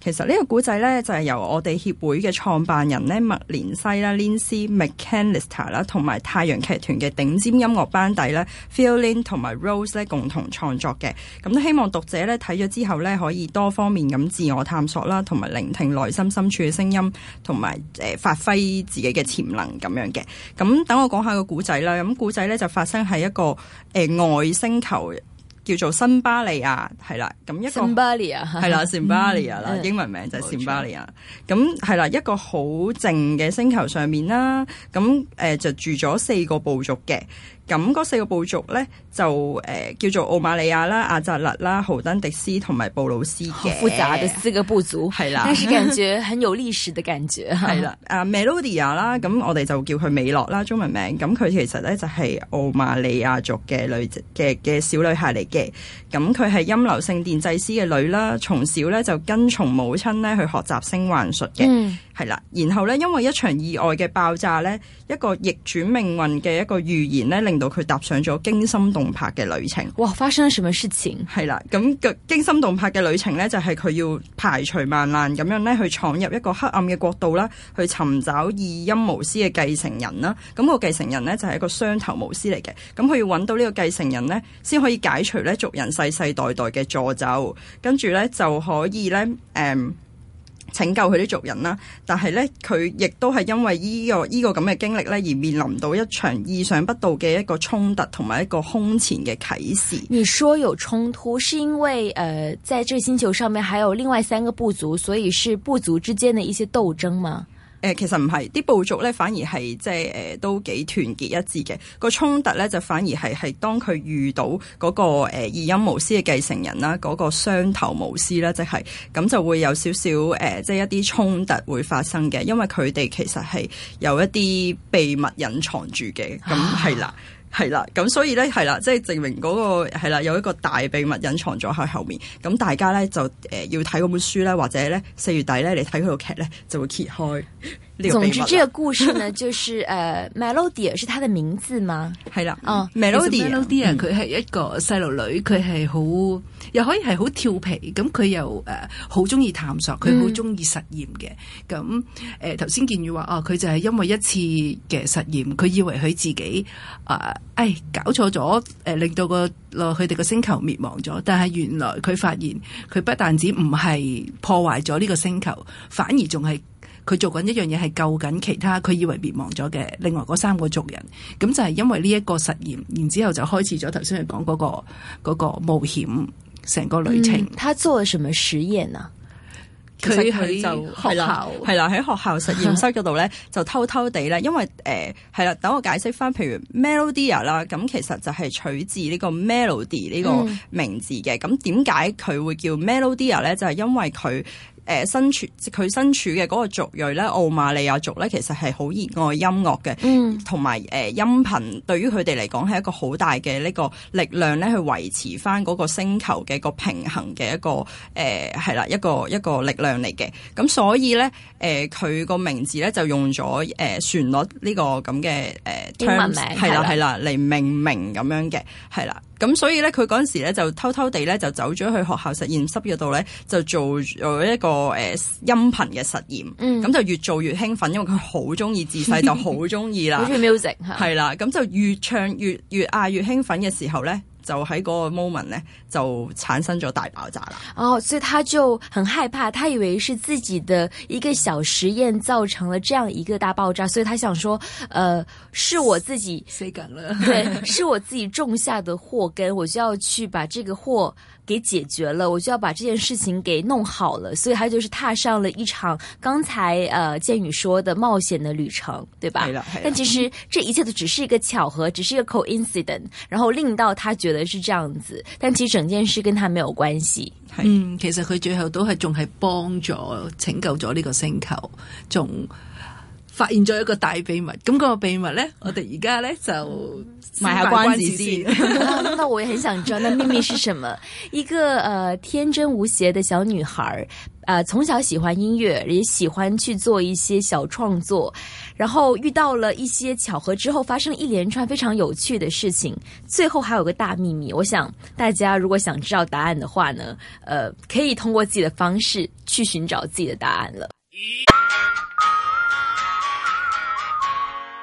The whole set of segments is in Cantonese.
其實呢個古仔呢，就係由我哋協會嘅創辦人咧麥連西啦 Lyncy Maclanster 啦，同埋太陽劇團嘅頂尖音樂班底咧，Phil Lin 同埋 Rose 咧共同創作嘅。咁都希望讀者咧睇咗之後咧可以多方面咁自我探索啦，同埋聆聽內心深處嘅聲音，同埋誒發揮自己嘅潛能咁樣嘅。咁等我講下個古仔啦。咁古仔咧就發生喺一個誒、呃、外星球叫做新巴利亞係啦，咁一個係啦，辛巴利亞啦，Sambalia, 英文名就係辛巴利亞，咁係啦，一個好靜嘅星球上面啦，咁誒、呃、就住咗四個部族嘅。咁嗰四個部族咧就誒、呃、叫做奧馬利亞啦、阿扎勒啦、豪登迪斯同埋布魯斯嘅，好複雜嘅四個部族係啦，是 但是感覺很有歷史的感覺。係 啦是的，啊、 uh, Melodia 啦，咁我哋就叫佢美樂啦，中文名。咁佢其實咧就係、是、奧馬利亞族嘅女嘅嘅小女孩嚟嘅。咁佢係音流性電祭師嘅女啦，從小咧就跟從母親咧去學習聲幻術嘅。嗯，係啦。然後咧因為一場意外嘅爆炸咧，一個逆轉命運嘅一個預言咧令到佢踏上咗驚心動魄嘅旅程。哇！發生咗什麼事情？係啦，咁嘅驚心動魄嘅旅程咧，就係、是、佢要排除萬難咁樣咧，去闖入一個黑暗嘅國度啦，去尋找異音巫師嘅繼承人啦。咁、那個繼承人咧就係、是、一個雙頭巫師嚟嘅。咁佢要揾到呢個繼承人咧，先可以解除咧族人世世代代嘅詛咒，跟住咧就可以咧，誒、嗯。拯救佢啲族人啦，但係咧，佢亦都係因為依、這個依、這個咁嘅經歷咧，而面臨到一場意想不到嘅一個衝突同埋一個空前嘅啟示。你說有衝突，是因為誒、呃，在這星球上面還有另外三個部族，所以是部族之間的一些鬥爭嗎？呃、其實唔係，啲部族咧，反而係即係都幾團結一致嘅。嗰個衝突咧，就反而係係當佢遇到嗰、嗰個誒、呃、二陰巫師嘅繼承人啦，嗰、嗰個雙頭巫師啦，即係咁就會有少少誒即係一啲衝突會發生嘅，因為佢哋其實係有一啲秘密隱藏住嘅。咁、啊、係、嗯、啦。係啦，咁所以咧係啦，即係證明嗰、那個係啦，有一個大秘密隱藏咗喺後面，咁大家咧就誒、呃、要睇嗰本書咧，或者咧四月底咧你睇佢個劇咧，就會揭開。這個、總之，呢個故事呢，就是誒、 uh，Melody 係佢嘅名字嗎？係 啦、oh，嗯，啊，Melody 啊，佢係一個細路女，佢係好又可以係好調皮，咁佢又誒好中意探索，佢好中意實驗嘅。咁、嗯、誒，頭先建宇話，哦、啊，佢就係因為一次嘅實驗，佢以為佢自己啊，誒、哎、搞錯咗，誒令到個落佢哋個星球滅亡咗。但係原來佢發現，佢不但止唔係破壞咗呢個星球，反而仲係。佢做緊一樣嘢，係救緊其他佢以為滅亡咗嘅另外嗰三個族人。咁就係因為呢一個實驗，然之後就開始咗頭先佢講嗰個嗰、嗰個冒險成個旅程。嗯、他做咗什麼實驗啊？佢就，就學校，係啦喺學校實驗室嗰度咧，就偷偷地咧，因為誒係、呃、啦，等我解釋返。譬如 Melodia 啦，咁其實就係取自呢個 Melody 呢個名字嘅。咁點解佢會叫 Melodia 咧？就係、是、因為佢。誒、呃、身處佢身處嘅嗰個族裔咧，奧馬利亞族咧，其實係好熱愛音樂嘅，嗯，同埋誒音頻對於佢哋嚟講係一個好大嘅呢個力量咧，去維持翻嗰個星球嘅一個平衡嘅一個誒係啦，一個一個力量嚟嘅。咁所以咧，誒佢個名字咧就用咗誒旋律呢個咁嘅誒英文名係啦係啦嚟命名咁樣嘅係啦。咁所以咧，佢嗰陣時咧就偷偷地咧就走咗去學校實驗室嗰度咧，就做咗一個、呃、音頻嘅實驗。咁、嗯、就越做越興奮，因為佢好中意自細就好中意啦。好中意 music 係啦，咁 就越唱越越嗌越興奮嘅時候咧。就喺嗰個 moment 呢，就產生咗大爆炸啦。哦、oh，所以他就很害怕，他以為是自己的一個小實驗造成了這樣一個大爆炸，所以他想說呃，是我自己，對，誰敢 了？是我自己種下的禍根，我就要去把這個禍給解決了，我就要把這件事情給弄好了。所以他就是踏上了一場剛才呃建宇說的冒險的旅程，對吧？ 但其實這一切都只是一個巧合，只是一個 coincidence，然後令到他覺得。是這樣子，但其實整件事跟他沒有關係。嗯，其實佢最後都係仲係幫咗拯救咗呢個星球，仲，發現咗一個大秘密，咁個秘密呢，我哋而家呢就埋下關子下、嗯、先關子、 嗯。那我也很想知道，那秘密是什麼？一個呃天真無邪的小女孩，誒、呃、從小喜歡音樂，也喜歡去做一些小創作，然後遇到了一些巧合之後，發生一連串非常有趣的事情，最後還有個大秘密。我想大家如果想知道答案的話呢，呃、可以通過自己的方式去尋找自己的答案了。嗯嗯。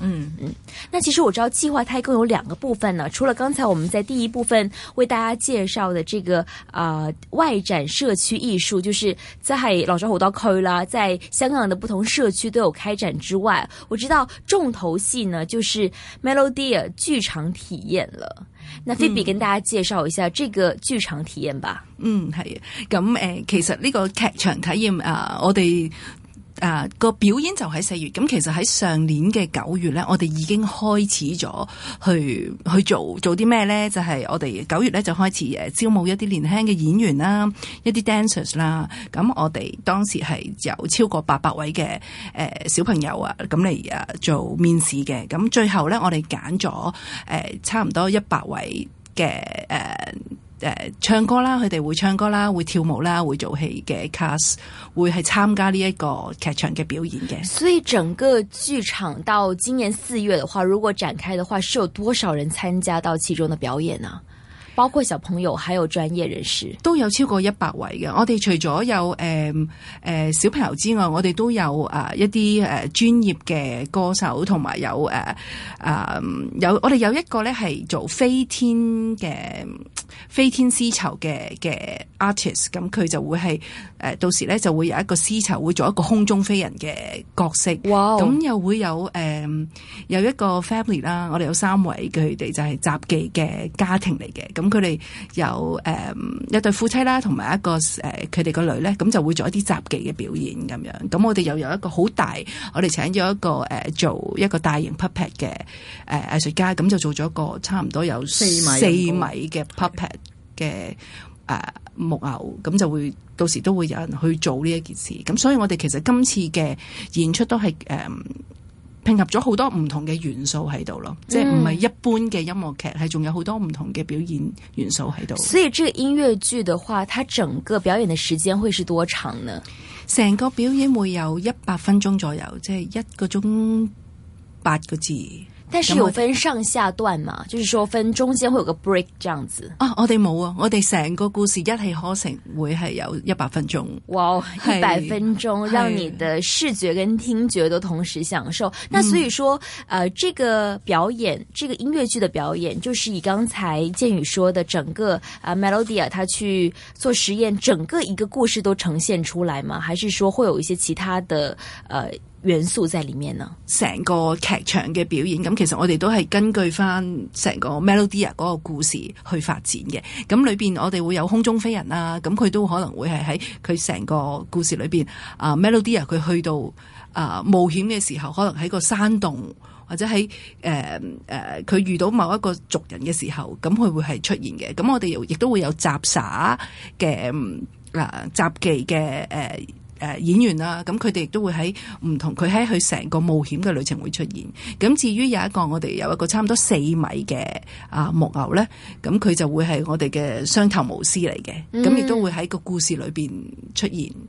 嗯嗯，那其實我知道計劃，它一共有兩個部分呢。除了剛才我們在第一部分為大家介紹的這個，啊、呃，外展社區藝術，就是在老巢好多區啦，在香港的不同社區都有開展之外，我知道重頭戲呢，就是 Melodya 劇場體驗了。那菲比、嗯、跟大家介紹一下這個劇場體驗吧。嗯，係啊，咁誒、呃，其實呢個劇場體驗啊、呃，我哋。啊，個表演就喺四月。咁其實喺上年嘅九月咧，我哋已經開始咗去去做做啲咩咧？就係、是、我哋九月咧就開始招募一啲年輕嘅演員啦，一啲 dancers 啦。咁我哋當時係有超過八百位嘅、呃、小朋友啊，咁嚟、啊、做面試嘅。咁最後咧，我哋揀咗誒差唔多一百位嘅誒。呃誒、呃，唱歌啦，佢哋會唱歌啦，會跳舞啦，會做戲嘅 cast，會係參加呢一個劇場嘅表演嘅。所以整個劇場到今年四月嘅話，如果展開嘅話，是有多少人參加到其中嘅表演呢、啊？包括小朋友，還有專業人士，都有超過一百位嘅。我哋除咗有誒誒、呃呃、小朋友之外，我哋都有啊、呃、一啲誒專業嘅歌手，同埋有誒誒、呃呃、有我哋有一個咧係做飛天嘅飛天絲綢嘅嘅 artist，咁佢就會係誒、呃、到時咧就會有一個絲綢會做一個空中飛人嘅角色。哇！咁又會有誒、呃、有一個 family 啦，我哋有三位佢哋就係雜技嘅家庭嚟嘅，咁。佢哋有誒一對夫妻啦，同埋一個誒佢哋個女咧，咁就會做一啲雜技嘅表演咁樣。咁我哋又有一個好大，我哋請咗一個誒做一個大型 puppet 嘅誒藝術家，咁就做咗個差唔多有四米嘅 puppet 嘅誒木偶，咁就會到時都會有人去做呢一件事。咁所以我哋其實今次嘅演出都係誒。拼合咗好多唔同嘅元素喺度咯，即係唔係一般嘅音樂劇，係、嗯、仲有好多唔同嘅表演元素喺度。所以，這個音樂劇的話，它整個表演的時間會是多長呢？成個表演會有一百分鐘左右，即係一個鐘八個字。但是有分上下段嘛？就，就是說分中間會有個 break 這樣子啊？我哋冇啊，我哋成個故事一氣呵成，會是有一百分鐘。哇、wow，一百分鐘，讓你的視覺跟聽覺都同時享受。那所以說，呃，這個表演，這個音樂劇的表演，就是以剛才建宇說的整個啊、呃、Melodia 他去做實驗，整個一個故事都呈現出來嘛？還是說會有一些其他的呃？元素在裏面呢？成個劇場嘅表演，咁其實我哋都係根據翻成個 Melodia 嗰個故事去發展嘅。咁裏邊我哋會有空中飛人啊，咁佢都可能會係喺佢成個故事裏邊啊、 uh, Melodia 佢去到啊、呃、冒險嘅時候，可能喺個山洞或者喺誒誒佢遇到某一個族人嘅時候，咁佢會係出現嘅。咁我哋又亦都會有雜耍嘅嗱雜技嘅誒。呃誒演員啦，咁佢哋亦都會喺唔同，佢喺佢成個冒險嘅旅程會出現。咁至於有一個我哋有一個差唔多四米嘅啊木偶咧，咁佢就會係我哋嘅雙頭巫師嚟嘅，咁亦都會喺個故事裏面出現。嗯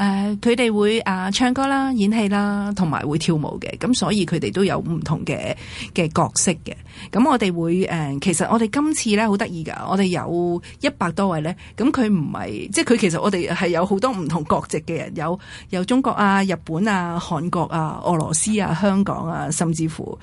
誒佢哋會啊、呃、唱歌啦、演戲啦，同埋會跳舞嘅，咁所以佢哋都有唔同嘅嘅角色嘅。咁我哋會、呃、其實我哋今次咧好得意㗎，我哋有一百多位咧，咁佢唔係即係佢其實我哋係有好多唔同國籍嘅人，有有中國啊、日本啊、韓國啊、俄羅斯啊、香港啊，甚至乎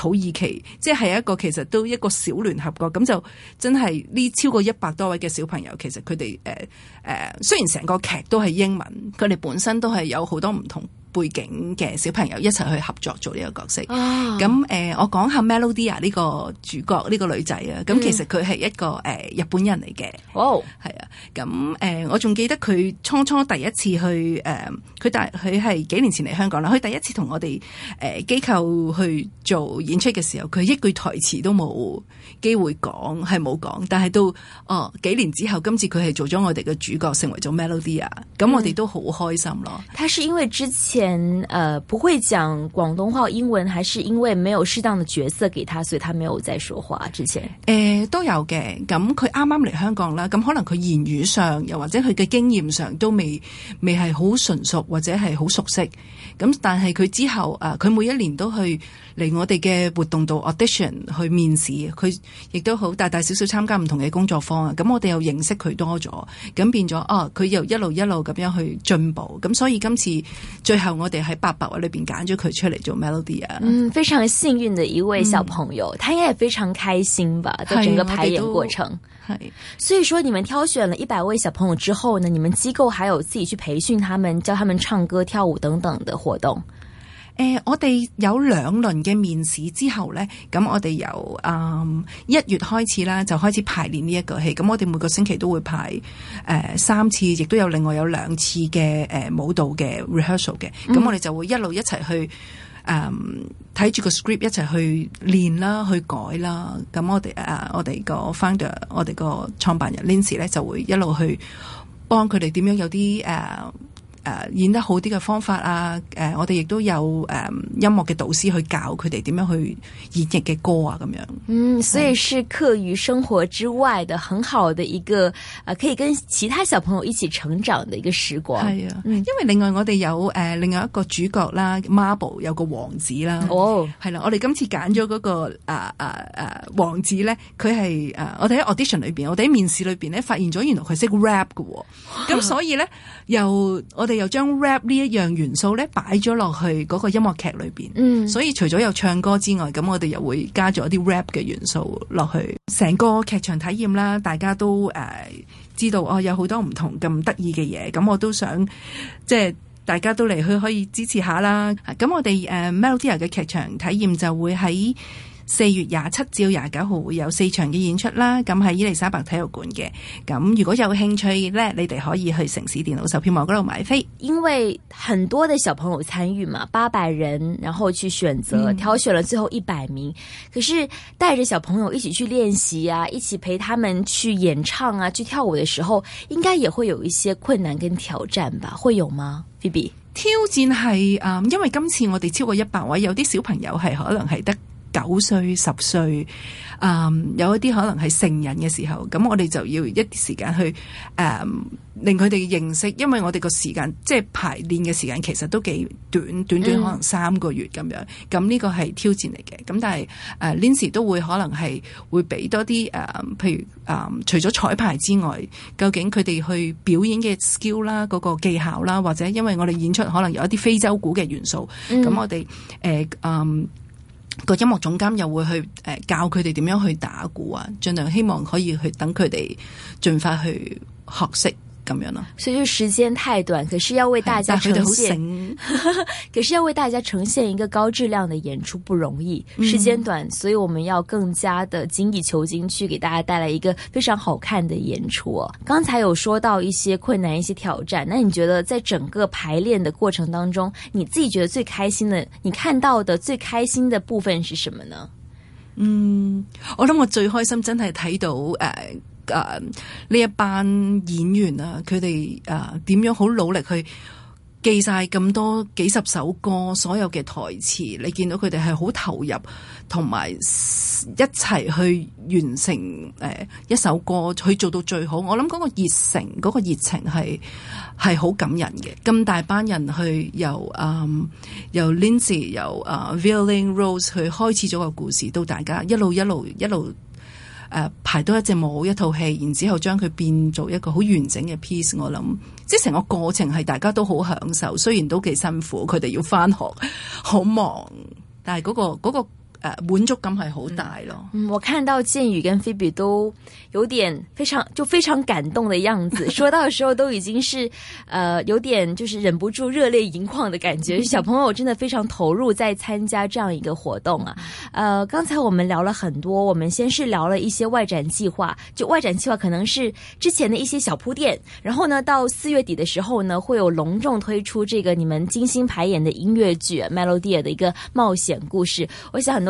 土耳其，即係一個，其實都一個小聯合國咁。就真係呢超過一百多位嘅小朋友，其實佢哋誒誒，雖然成個劇都係英文，佢哋本身都係有好多唔同。背景嘅小朋友一齊去合作做呢個角色，咁、oh. 誒、呃、我講下 Melodia 呢個主角呢、這個女仔啊，咁其實佢係一個誒、mm. 呃、日本人嚟嘅，哦、oh. 係啊，咁、呃、誒我仲記得佢初初第一次去誒佢但佢係幾年前嚟香港啦，佢第一次同我哋誒機構去做演出嘅時候，佢一句台詞都冇機會講，係冇講，但係到哦、呃、幾年之後今次佢係做咗我哋嘅主角，成為咗 Melodia 咁、mm. 我哋都好開心咯。他是因為之前。前，呃，不會講廣東話、英文，還是因為沒有適當的角色給他，所以他沒有在說話之前。誒、呃，都有嘅。咁佢啱啱嚟香港啦，咁可能佢言語上，又或者佢嘅經驗上都未未係好純熟，或者係好熟悉。咁但係佢之後啊，佢每一年都去嚟我哋嘅活動度 audition 去面試，佢亦都好大大小小參加唔同嘅工作坊啊。咁我哋又認識佢多咗，咁變咗哦佢又一路一路咁樣去進步。咁所以今次最後。我哋喺八百位裏邊揀咗佢出嚟做 melody 啊，嗯，非常幸運的一位小朋友，嗯、他應該也非常開心吧，在、嗯、整個排演過程。係，所以說你們挑選了一百位小朋友之後呢，你們機構還有自己去培訓他們，教他們唱歌、跳舞等等的活動。誒、呃，我哋有兩輪嘅面試之後咧，咁我哋由啊一、嗯、月開始啦，就開始排練呢一個戲。咁我哋每個星期都會排誒、呃、三次，亦都有另外有兩次嘅誒、呃、舞蹈嘅 rehearsal 嘅。咁我哋就會一路一齊去誒睇住個 script 一齊去練啦，去改啦。咁我哋啊、呃，我哋個 founder，我哋個創辦人 Linsy 咧，就會一路去幫佢哋點樣有啲誒，呃誒、呃，演得好啲嘅方法啊！誒、呃，我哋亦都有誒、呃、音樂嘅導師去教佢哋點樣去演繹嘅歌啊，咁樣。嗯，所以是課餘生活之外的很好的一個啊、呃，可以跟其他小朋友一起成長的一個時光。係、嗯、啊，因為另外我哋有誒、呃、另外一個主角啦，Marble 有個王子啦。哦，係啦，我哋今次揀咗、嗰個誒誒誒王子咧，佢係誒我哋喺 audition 裏邊，我哋喺面試裏邊咧發現咗，原來佢識 rap 噶、哦，咁所以咧，oh. 又我。我哋又將 rap 呢一樣元素咧擺咗落去嗰個音樂劇裏邊、嗯，所以除咗有唱歌之外，咁我哋又會加咗一啲 rap 嘅元素落去，成個劇場體驗啦，大家都誒、啊、知道哦，有好多唔同咁得意嘅嘢，咁我都想即係大家都嚟去可以支持下啦。咁我哋誒、啊、melody 嘅劇場體驗就會喺。四月廿七至廿九號會有四場嘅演出啦。咁係伊利沙伯體育館嘅。咁如果有興趣咧，你哋可以去城市電腦售票網嗰度買飛。因為很多嘅小朋友參與嘛，八百人然後去選擇挑選了最後一百名、嗯。可是帶着小朋友一起去練習啊，一起陪他們去演唱啊，去跳舞嘅時候，應該也會有一些困難跟挑戰吧？會有嗎？B B 挑戰係誒、嗯，因為今次我哋超過一百位，有啲小朋友係可能係得。九歲、十歲，嗯，有一啲可能係成人嘅時候，咁我哋就要一啲時間去，誒、嗯，令佢哋認識，因為我哋個時間，即係排練嘅時間，其實都幾短，短短可能三個月咁樣，咁、嗯、呢個係挑戰嚟嘅。咁但係，誒 Linsy 都會可能係會俾多啲、呃、譬如、呃、除咗彩排之外，究竟佢哋去表演嘅 skill 啦、嗰個技巧啦，或者因為我哋演出可能有一啲非洲鼓嘅元素，咁、嗯、我哋誒、呃，嗯。個音樂總監又會去誒教佢哋點樣去打鼓啊，盡量希望可以去等佢哋盡快去學識。啊、所以就時間太短，可是要為大家呈現， 可是要為大家呈現一個高質量的演出不容易。時間短、嗯，所以我們要更加的精益求精去，去給大家帶來一個非常好看的演出。哦，剛才有說到一些困難，一些挑戰。那你覺得在整個排練的過程當中，你自己覺得最開心的，你看到的最開心的部分是什麼呢？嗯，我諗我最開心真的，真係睇到誒。誒、啊，呢一班演員啊，佢哋誒點樣好努力去記晒咁多幾十首歌，所有嘅台詞，你見到佢哋係好投入，同埋一齊去完成誒、啊、一首歌，去做到最好。我諗嗰個熱誠，嗰、那個熱情係係好感人嘅。咁大班人去由誒、嗯、由 Lindsay 由、呃、Violin Rose 去開始咗個故事，到大家一路一路一路。一路誒、uh，排多一隻舞，一套戲，然之後將佢變做一個好完整嘅 piece。我諗，即成個過程係大家都好享受，雖然都幾辛苦，佢哋要翻學好忙，但係嗰個嗰個，那個呃，滿足感係好大咯！嗯，我看到建宇跟菲比都有點非常就非常感動的樣子，說到的時候都已經是呃有點就是忍不住熱淚盈眶的感覺。 小朋友真的非常投入在參加這樣一個活動啊！呃，剛才我們聊了很多，我們先是聊了一些外展計劃，就外展計劃可能是之前的一些小鋪墊，然後呢到四月底的時候呢，會有隆重推出這個你們精心排演的音樂劇 Melody 的一個冒險故事。我想很多。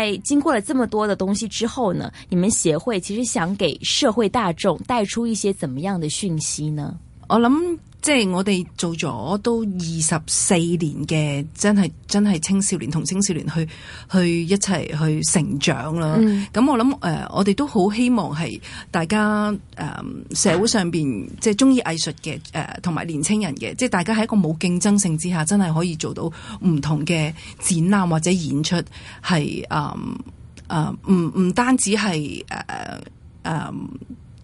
在經過了這麼多的東西之後呢，你們協會其實想給社會大眾帶出一些怎麼樣的訊息呢？我諗。即係我哋做咗都二十四年嘅，真係真係青少年同青少年去去一齊去成長啦。咁，嗯，我諗誒，我哋都好希望係大家誒，社會上邊即係中意藝術嘅誒，同埋年青人嘅，即係大家喺一個冇競爭性之下，真係可以做到唔同嘅展覽或者演出，係誒誒，唔唔單止係誒誒。呃呃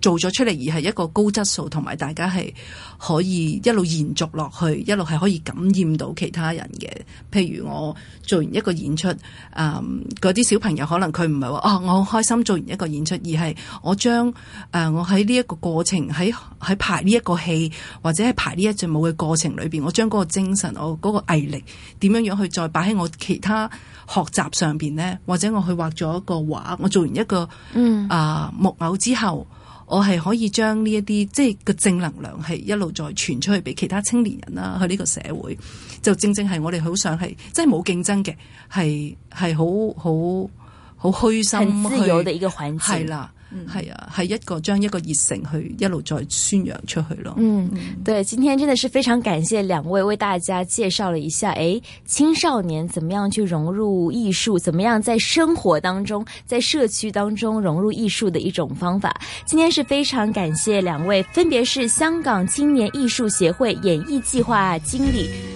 做咗出嚟而係一個高質素，同埋大家係可以一路延續落去，一路係可以感染到其他人嘅。譬如我做完一個演出，誒、嗯，嗰啲小朋友可能佢唔係話啊，我好開心做完一個演出，而係我將誒、呃、我喺呢一個過程喺喺排呢一個戲或者喺排呢一隻舞嘅過程裏邊，我將嗰個精神，我嗰個毅力，點樣樣去再擺喺我其他學習上邊呢？或者我去畫咗一個畫，我做完一個嗯啊木偶之後。我係可以將呢一啲即係個正能量係一路再傳出去俾其他青年人啦，去呢個社會就正正係我哋好想係即係冇競爭嘅，係係好好好虛心去。好自由的一個環節，係啦。嗯，係啊，係一個將一個熱誠去一路再宣揚出去咯。嗯，對，今天真的是非常感謝兩位為大家介紹了一下，誒、欸，青少年怎麼樣去融入藝術，怎麼樣在生活當中、在社區當中融入藝術的一種方法。今天是非常感謝兩位，分別是香港青年藝術協會演藝計劃經理。